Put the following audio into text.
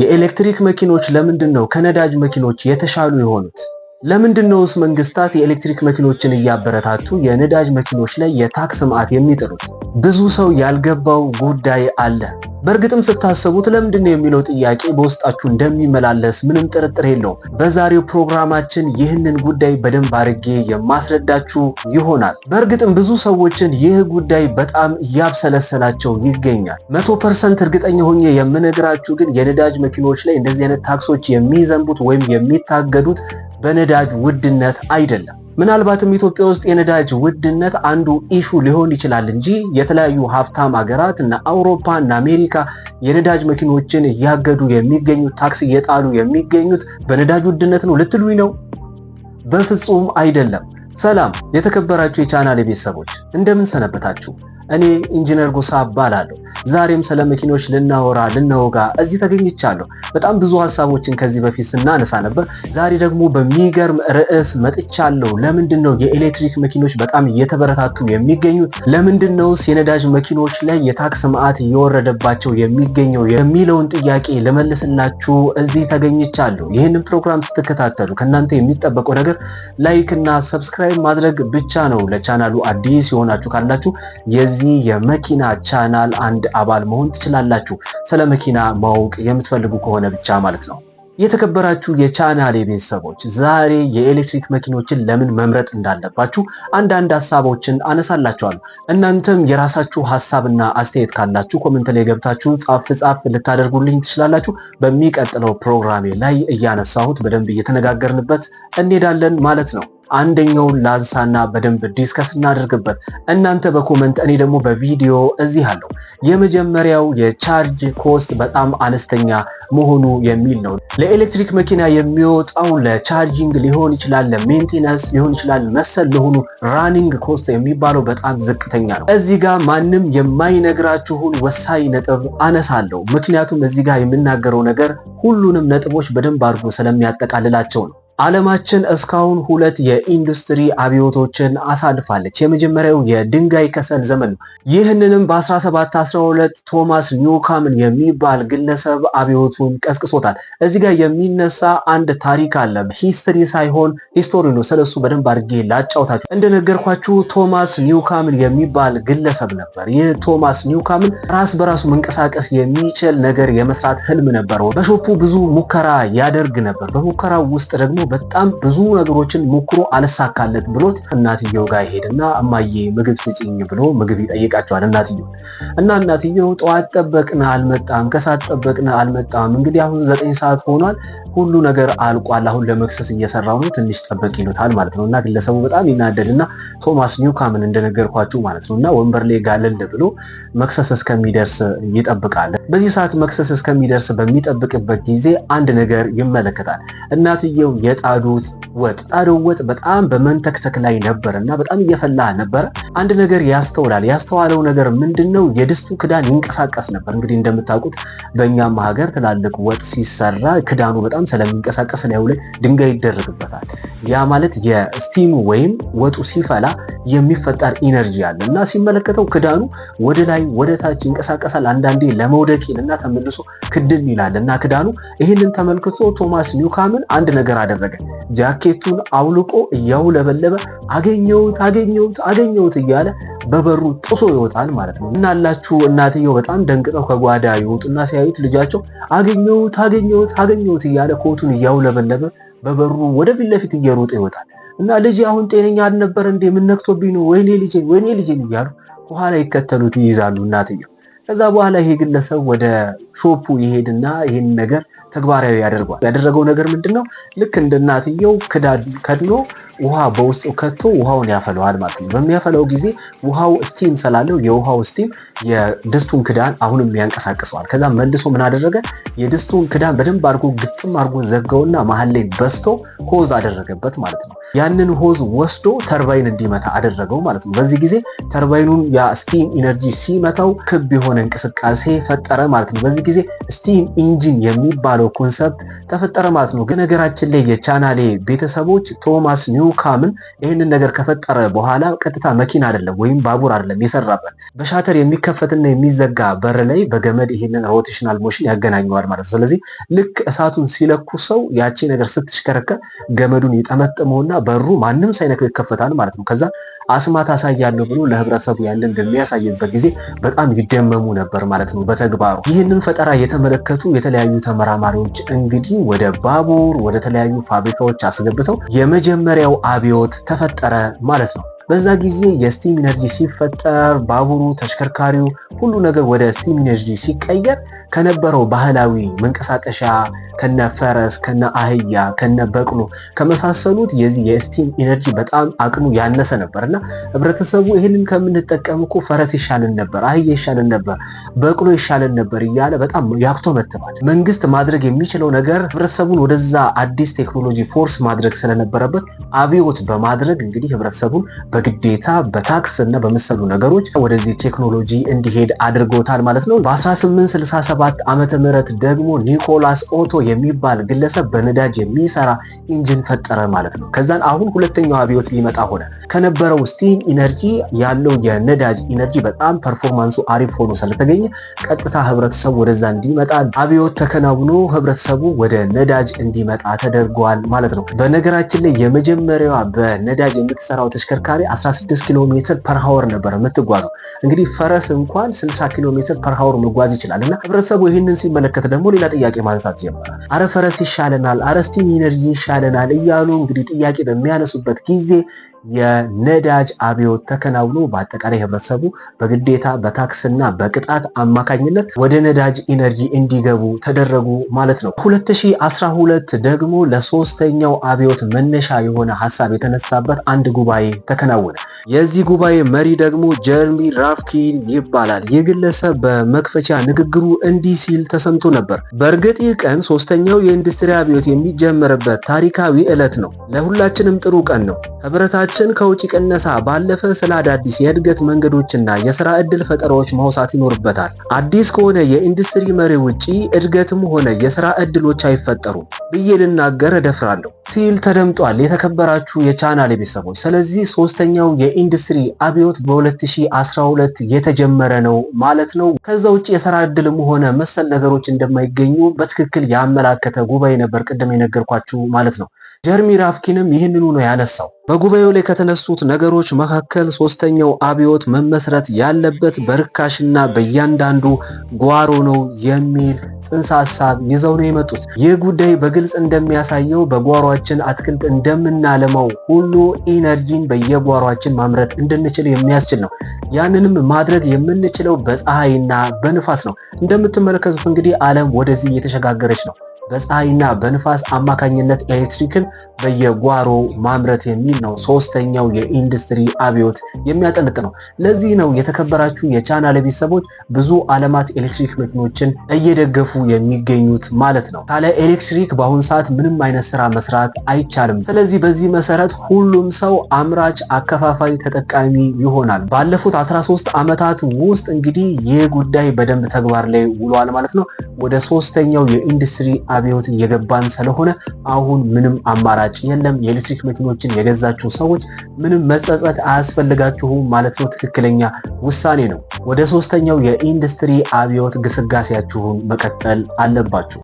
የኤሌክትሪክ መኪኖች ለምንድን ነው ከነዳጅ መኪኖች የተሻሉ የሆኑት? ለምንድን ነውስ መንግስታት የኤሌክትሪክ መኪኖችን እያበረታቱ የነዳጅ መኪኖች ላይ የታክስ ማዕት የሚጥሉት? ብዙ ሰው ያልገባው ጉዳይ አለ። በእርግጥም ስታሰቡት ለምንድን ነው የሚለው ጥያቄ በውስጣችሁ እንደሚመላለስ ምንም ጥርጥር የለውም። በዛሬው ፕሮግራማችን ይህንን ጉዳይ በደንብ አድርጌ የማስረዳችሁ ይሆናል። በእርግጥም ብዙ ሰዎችን ይህ ጉዳይ በጣም እያብሰለሰላቸው ይገኛል። መቶ ፐርሰንት እርግጠኛ ሆኜ የምነግራችሁ ግን የነዳጅ መኪኖች ላይ እንደዚህ አይነት ታክሶች የሚዘንቡት ወይም የሚታገዱት በነዳጅ ውድነት አይደለም። ምናልባትም ኢትዮጵያ ውስጥ የነዳጅ ውድነት አንዱ ኢሹ ሊሆን ይችላል እንጂ የተለያዩ ሀብታም ሀገራት እና አውሮፓ እና አሜሪካ የነዳጅ መኪኖችን እያገዱ የሚገኙት ታክስ እየጣሉ የሚገኙት በነዳጅ ውድነት ነው ልትሉኝ ነው? በፍጹም አይደለም። ሰላም የተከበራችሁ የቻናል ቤተሰቦች እንደምን ሰነበታችሁ? እኔ ኢንጂነር ጎሳ እባላለሁ። ዛሬም ስለ መኪኖች ልናወራ ልናወጋ እዚህ ተገኝቻለሁ። በጣም ብዙ ሀሳቦችን ከዚህ በፊት ስናነሳ ነበር። ዛሬ ደግሞ በሚገርም ርዕስ መጥቻለሁ። ለምንድን ነው የኤሌክትሪክ መኪኖች በጣም እየተበረታቱ የሚገኙት? ለምንድን ነው የነዳጅ መኪኖች ላይ የታክስ መዓት እየወረደባቸው የሚገኘው የሚለውን ጥያቄ ልመልስላችሁ እዚህ ተገኝቻለሁ። ይህንን ፕሮግራም ስትከታተሉ ከእናንተ የሚጠበቀው ነገር ላይክ እና ሰብስክራይብ ማድረግ ብቻ ነው። ለቻናሉ አዲስ የሆናችሁ ካላችሁ የዚህ የመኪና ቻናል አንድ አባል መሆን ትችላላችሁ። ስለ መኪና ማወቅ የምትፈልጉ ከሆነ ብቻ ማለት ነው። የተከበራችሁ የቻናል የቤተሰቦች ዛሬ የኤሌክትሪክ መኪኖችን ለምን መምረጥ እንዳለባችሁ አንዳንድ ሀሳቦችን አነሳላችኋል። እናንተም የራሳችሁ ሀሳብና አስተያየት ካላችሁ ኮመንት ላይ ገብታችሁ ጻፍ ጻፍ ልታደርጉልኝ ትችላላችሁ። በሚቀጥለው ፕሮግራሜ ላይ እያነሳሁት በደንብ እየተነጋገርንበት እንሄዳለን ማለት ነው። አንደኛውን ላንሳና በደንብ ዲስከስ እናደርግበት። እናንተ በኮመንት እኔ ደግሞ በቪዲዮ እዚህ አለው። የመጀመሪያው የቻርጅ ኮስት በጣም አነስተኛ መሆኑ የሚል ነው። ለኤሌክትሪክ መኪና የሚወጣው ለቻርጂንግ ሊሆን ይችላል፣ ለሜንቴናንስ ሊሆን ይችላል፣ መሰል ለሆኑ ራኒንግ ኮስት የሚባለው በጣም ዝቅተኛ ነው። እዚህ ጋር ማንም የማይነግራችሁን ወሳኝ ነጥብ አነሳለሁ። ምክንያቱም እዚህ ጋር የምናገረው ነገር ሁሉንም ነጥቦች በደንብ አድርጎ ስለሚያጠቃልላቸው ነው። ዓለማችን እስካሁን ሁለት የኢንዱስትሪ አብዮቶችን አሳልፋለች። የመጀመሪያው የድንጋይ ከሰል ዘመን ነው። ይህንንም በ1712 ቶማስ ኒውካምን የሚባል ግለሰብ አብዮቱን ቀስቅሶታል። እዚህ ጋር የሚነሳ አንድ ታሪክ አለ። ሂስትሪ ሳይሆን ሂስቶሪ ነው። ስለሱ በደንብ አድርጌ ላጫውታችሁ። እንደነገርኳችሁ ቶማስ ኒውካምን የሚባል ግለሰብ ነበር። ይህ ቶማስ ኒውካምን ራስ በራሱ መንቀሳቀስ የሚችል ነገር የመስራት ህልም ነበረው። በሾፑ ብዙ ሙከራ ያደርግ ነበር። በሙከራው ውስጥ ደግሞ በጣም ብዙ ነገሮችን ሞክሮ አልሳካለት ብሎት እናትየው ጋር ይሄድና እማዬ ምግብ ስጭኝ ብሎ ምግብ ይጠይቃቸዋል እናትየው እና እናትየው ጠዋት ጠበቅን አልመጣም፣ ከሰዓት ጠበቅን አልመጣም፣ እንግዲህ አሁን ዘጠኝ ሰዓት ሆኗል፣ ሁሉ ነገር አልቋል፣ አሁን ለመክሰስ እየሰራው ነው፣ ትንሽ ጠበቅ ይሉታል ማለት ነው። እና ግለሰቡ በጣም ይናደድና ቶማስ ኒውካምን እንደነገርኳችሁ ማለት ነው እና ወንበር ላይ ጋለል ብሎ መክሰስ እስከሚደርስ ይጠብቃል። በዚህ ሰዓት መክሰስ እስከሚደርስ በሚጠብቅበት ጊዜ አንድ ነገር ይመለከታል። እናትየው የጣዱት ወጥ ጣዶት ወጥ በጣም በመንተክተክ ላይ ነበር እና በጣም እየፈላ ነበረ። አንድ ነገር ያስተውላል። ያስተዋለው ነገር ምንድን ነው? የድስቱ ክዳን ይንቀሳቀስ ነበር። እንግዲህ እንደምታውቁት በእኛም ሀገር ትላልቅ ወጥ ሲሰራ ክዳኑ በጣም ስለሚንቀሳቀስ ላይ ድንጋይ ይደረግበታል። ያ ማለት የስቲሙ ወይም ወጡ ሲፈላ የሚፈጠር ኢነርጂ አለ እና ሲመለከተው ክዳኑ ወደ ላይ ወደ ታች ይንቀሳቀሳል። አንዳንዴ ለመውደቅ ይልና ተመልሶ ክድል ይላል እና ክዳኑ ይህንን ተመልክቶ ቶማስ ኒውካምን አንድ ነገር አደረገ። ጃኬቱን አውልቆ እያውለበለበ አገኘሁት አገኘሁት አገኘሁት እያለ በበሩ ጥሶ ይወጣል ማለት ነው። እናላችሁ እናትየው በጣም ደንግጠው ከጓዳ ይወጡና ሲያዩት ልጃቸው አገኘሁት አገኘሁት አገኘሁት እያለ ኮቱን እያውለበለበ በበሩ ወደ ፊት ለፊት እየሮጠ ይወጣል እና ልጅ አሁን ጤነኛ አልነበረ እንዴ? ምን ነክቶብኝ ነው? ወይኔ ልጄ፣ ወይኔ ልጄ እያሉ ከኋላ ይከተሉት ይይዛሉ እናትየው። ከዛ በኋላ ይሄ ግለሰብ ወደ ሾፑ ይሄድና ይህን ነገር ተግባራዊ ያደርገዋል። ያደረገው ነገር ምንድን ነው? ልክ እንደ እናትየው ከድኖ ውሃ በውስጡ ከቶ ውሃውን ያፈለዋል ማለት ነው። በሚያፈለው ጊዜ ውሃው ስቲም ስላለው የውሃው ስቲም የድስቱን ክዳን አሁንም ያንቀሳቅሰዋል። ከዛ መልሶ ምን አደረገ? የድስቱን ክዳን በደንብ አድርጎ ግጥም አድርጎ ዘጋውና መሀል ላይ በስቶ ሆዝ አደረገበት ማለት ነው። ያንን ሆዝ ወስዶ ተርባይን እንዲመታ አደረገው ማለት ነው። በዚህ ጊዜ ተርባይኑን የስቲም ኢነርጂ ሲመታው ክብ የሆነ እንቅስቃሴ ፈጠረ ማለት ነው። በዚህ ጊዜ ስቲም ኢንጂን የሚባለው ኮንሰፕት ተፈጠረ ማለት ነው። ነገራችን ላይ የቻናሌ ቤተሰቦች ቶማስ ኒው ሉካምን ይህንን ነገር ከፈጠረ በኋላ ቀጥታ መኪና አይደለም ወይም ባቡር አይደለም የሰራበት። በሻተር የሚከፈትና የሚዘጋ በር ላይ በገመድ ይህንን ሮቴሽናል ሞሽን ያገናኘዋል ማለት ነው። ስለዚህ ልክ እሳቱን ሲለኩ ሰው ያቺ ነገር ስትሽከረከር ገመዱን ይጠመጥመውና በሩ ማንም ሳይነካው ይከፈታል ማለት ነው። ከዛ አስማት አሳያለሁ ብሎ ለህብረተሰቡ ያንን በሚያሳይበት ጊዜ በጣም ይደመሙ ነበር ማለት ነው በተግባሩ። ይህንን ፈጠራ የተመለከቱ የተለያዩ ተመራማሪዎች እንግዲህ ወደ ባቡር፣ ወደ ተለያዩ ፋብሪካዎች አስገብተው የመጀመሪያው አብዮት ተፈጠረ ማለት ነው። በዛ ጊዜ የስቲም ኢነርጂ ሲፈጠር ባቡሩ፣ ተሽከርካሪው፣ ሁሉ ነገር ወደ ስቲም ኢነርጂ ሲቀየር ከነበረው ባህላዊ መንቀሳቀሻ ከነ ፈረስ፣ ከነ አህያ፣ ከነ በቅሎ ከመሳሰሉት የዚህ የስቲም ኢነርጂ በጣም አቅሙ ያነሰ ነበር እና ህብረተሰቡ ይህንን ከምንጠቀም እኮ ፈረስ ይሻልን ነበር፣ አህያ ይሻልን ነበር፣ በቅሎ ይሻልን ነበር እያለ በጣም መትባል። መንግስት ማድረግ የሚችለው ነገር ህብረተሰቡን ወደዛ አዲስ ቴክኖሎጂ ፎርስ ማድረግ ስለነበረበት አብዮት በማድረግ እንግዲህ ህብረተሰቡን በግዴታ በታክስ እና በመሰሉ ነገሮች ወደዚህ ቴክኖሎጂ እንዲሄድ አድርጎታል ማለት ነው። በ1867 ዓመተ ምህረት ደግሞ ኒኮላስ ኦቶ የሚባል ግለሰብ በነዳጅ የሚሰራ ኢንጂን ፈጠረ ማለት ነው። ከዛን አሁን ሁለተኛው አብዮት ሊመጣ ሆነ። ከነበረው ስቲም ኢነርጂ ያለው የነዳጅ ኢነርጂ በጣም ፐርፎርማንሱ አሪፍ ሆኖ ስለተገኘ ቀጥታ ህብረተሰቡ ወደዛ እንዲመጣ አብዮት ተከናውኖ ህብረተሰቡ ወደ ነዳጅ እንዲመጣ ተደርጓል ማለት ነው። በነገራችን ላይ የመጀመሪያዋ በነዳጅ የምትሰራው ተሽከርካሪ 16 ኪሎ ሜትር ፐር ሀወር ነበር የምትጓዘው። እንግዲህ ፈረስ እንኳን 60 ኪሎ ሜትር ፐር ሀወር መጓዝ ይችላል። እና ህብረተሰቡ ይህንን ሲመለከት ደግሞ ሌላ ጥያቄ ማንሳት ጀመረ። አረ ፈረስ ይሻለናል፣ አረስቲ ኢነርጂ ይሻለናል እያሉ እንግዲህ ጥያቄ በሚያነሱበት ጊዜ የነዳጅ አብዮት ተከናውኖ በአጠቃላይ ህብረተሰቡ በግዴታ በታክስና በቅጣት አማካኝነት ወደ ነዳጅ ኢነርጂ እንዲገቡ ተደረጉ ማለት ነው። 2012 ደግሞ ለሶስተኛው አብዮት መነሻ የሆነ ሀሳብ የተነሳበት አንድ ጉባኤ ተከናው ተከናወነ። የዚህ ጉባኤ መሪ ደግሞ ጀርሚ ራፍኪን ይባላል። ይህ ግለሰብ በመክፈቻ ንግግሩ እንዲህ ሲል ተሰምቶ ነበር። በእርግጥ ይህ ቀን ሶስተኛው የኢንዱስትሪ አብዮት የሚጀመርበት ታሪካዊ ዕለት ነው። ለሁላችንም ጥሩ ቀን ነው። ህብረታችን ከውጭ ቅነሳ ባለፈ ስለ አዳዲስ የእድገት መንገዶችና የስራ ዕድል ፈጠራዎች ማውሳት ይኖርበታል። አዲስ ከሆነ የኢንዱስትሪ መሪ ውጪ እድገትም ሆነ የስራ ዕድሎች አይፈጠሩም ብዬ ልናገር እደፍራለሁ ሲል ተደምጧል። የተከበራችሁ የቻናል ቤተሰቦች ስለዚህ ሶስተ ሶስተኛው የኢንዱስትሪ አብዮት በ2012 የተጀመረ ነው ማለት ነው። ከዛ ውጭ የስራ እድልም ሆነ መሰል ነገሮች እንደማይገኙ በትክክል ያመላከተ ጉባኤ ነበር፣ ቅድም የነገርኳችሁ ማለት ነው። ጀርሚ ራፍኪንም ይህንኑ ነው ያነሳው። በጉባኤው ላይ ከተነሱት ነገሮች መካከል ሶስተኛው አብዮት መመስረት ያለበት በርካሽና በእያንዳንዱ ጓሮ ነው የሚል ጽንሰ ሀሳብ ይዘው ነው የመጡት። ይህ ጉዳይ በግልጽ እንደሚያሳየው በጓሯችን አትክልት እንደምናለማው ሁሉ ኢነርጂን በየጓ በጓሯችን ማምረት እንድንችል የሚያስችል ነው። ያንንም ማድረግ የምንችለው በፀሐይና በንፋስ ነው። እንደምትመለከቱት እንግዲህ ዓለም ወደዚህ እየተሸጋገረች ነው። በፀሐይና በንፋስ አማካኝነት ኤሌክትሪክን በየጓሮ ማምረት የሚል ነው። ሶስተኛው የኢንዱስትሪ አብዮት የሚያጠልቅ ነው። ለዚህ ነው የተከበራችሁ የቻናል ቤተሰቦች ብዙ ዓለማት ኤሌክትሪክ መኪኖችን እየደገፉ የሚገኙት ማለት ነው። ካለ ኤሌክትሪክ በአሁኑ ሰዓት ምንም አይነት ስራ መስራት አይቻልም። ስለዚህ በዚህ መሰረት ሁሉም ሰው አምራች፣ አከፋፋይ፣ ተጠቃሚ ይሆናል። ባለፉት 13 ዓመታት ውስጥ እንግዲህ ይህ ጉዳይ በደንብ ተግባር ላይ ውሏል ማለት ነው። ወደ ሶስተኛው የኢንዱስትሪ አብዮት እየገባን ስለሆነ አሁን ምንም አማራጭ የለም። የኤሌክትሪክ መኪኖችን የገዛችሁ ሰዎች ምንም መጸጸት አያስፈልጋችሁም ማለት ነው። ትክክለኛ ውሳኔ ነው። ወደ ሶስተኛው የኢንዱስትሪ አብዮት ግስጋሴያችሁን መቀጠል አለባችሁ።